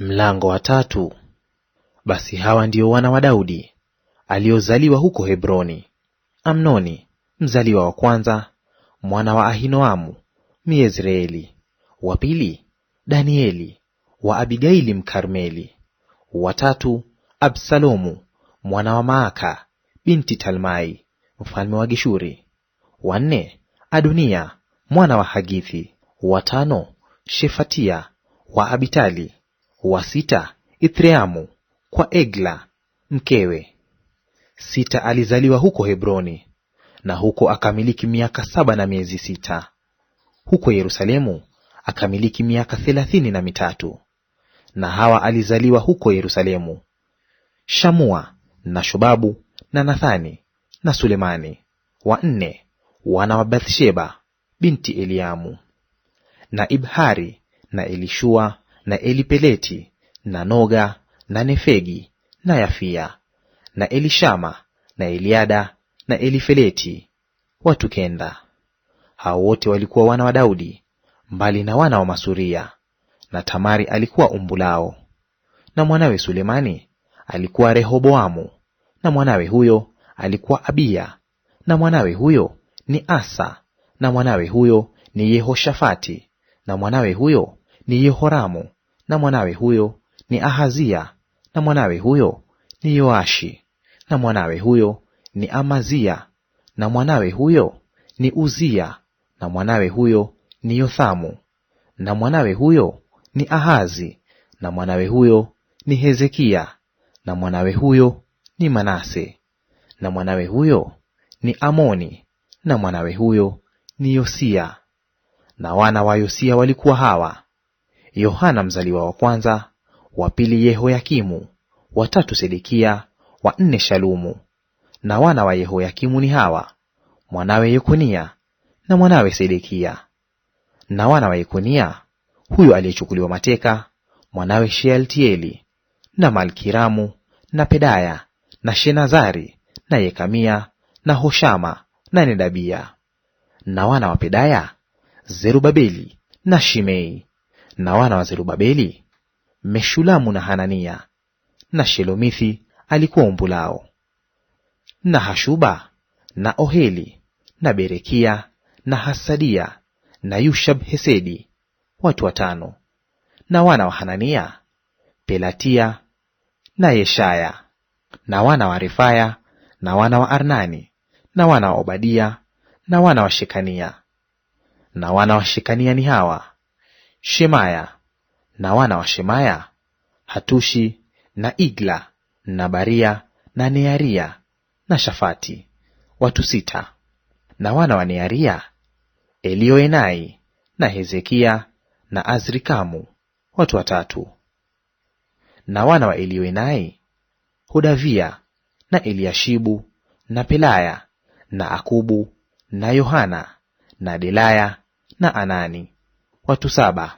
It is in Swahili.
Mlango wa tatu. Basi hawa ndio wana wa Daudi aliozaliwa huko Hebroni: Amnoni mzaliwa wa kwanza, mwana wa Ahinoamu Myezreeli; wa pili, Danieli wa Abigaili Mkarmeli; wa tatu, Absalomu mwana wa Maaka binti Talmai mfalme wa Geshuri; wa nne, Adunia mwana wa Hagithi; wa tano, Shefatia wa Abitali wa sita Ithreamu kwa Egla mkewe. Sita alizaliwa huko Hebroni, na huko akamiliki miaka saba na miezi sita. Huko Yerusalemu akamiliki miaka thelathini na mitatu. Na Hawa alizaliwa huko Yerusalemu, Shamua na Shobabu na Nathani na Sulemani, wanne wana wa Bathsheba binti Eliamu, na Ibhari na Elishua na Elipeleti na Noga na Nefegi na Yafia na Elishama na Eliada na Elifeleti, watu kenda. Hao wote walikuwa wana wa Daudi, mbali na wana wa Masuria, na Tamari alikuwa umbu lao. Na mwanawe Sulemani alikuwa Rehoboamu, na mwanawe huyo alikuwa Abiya, na mwanawe huyo ni Asa, na mwanawe huyo ni Yehoshafati, na mwanawe huyo ni Yehoramu, na mwanawe huyo ni Ahazia, na mwanawe huyo ni Yoashi, na mwanawe huyo ni Amazia, na mwanawe huyo ni Uzia, na mwanawe huyo ni Yothamu, na mwanawe huyo ni Ahazi, na mwanawe huyo ni Hezekia, na mwanawe huyo ni Manase, na mwanawe huyo ni Amoni, na mwanawe huyo ni Yosia. Na wana wa Yosia walikuwa hawa: Yohana mzaliwa wa kwanza; wa pili Yehoyakimu; wa tatu Sedekia; wa nne Shalumu. Na wana wa Yehoyakimu ni hawa: mwanawe Yekonia na mwanawe Sedekia. Na wana wa Yekonia huyo aliyechukuliwa mateka, mwanawe Shealtieli na Malkiramu na Pedaya na Shenazari na Yekamia na Hoshama na Nedabia. Na wana wa Pedaya, Zerubabeli na Shimei na wana wa Zerubabeli, Meshulamu na Hanania, na Shelomithi alikuwa umbu lao, na Hashuba na Oheli na Berekia na Hasadia na Yushab Hesedi, watu watano. Na wana wa Hanania, Pelatia na Yeshaya. Na wana wa Refaya na wana wa Arnani na wana wa Obadia na wana wa Shekania. Na wana wa Shekania ni hawa Shemaya na wana wa Shemaya; Hatushi na Igla na Baria na Nearia na Shafati, watu sita. Na wana wa Nearia; Elioenai na Hezekia na Azrikamu, watu watatu. Na wana wa Elioenai; Hodavia na Eliashibu na Pelaya na Akubu na Yohana na Delaya na Anani watu saba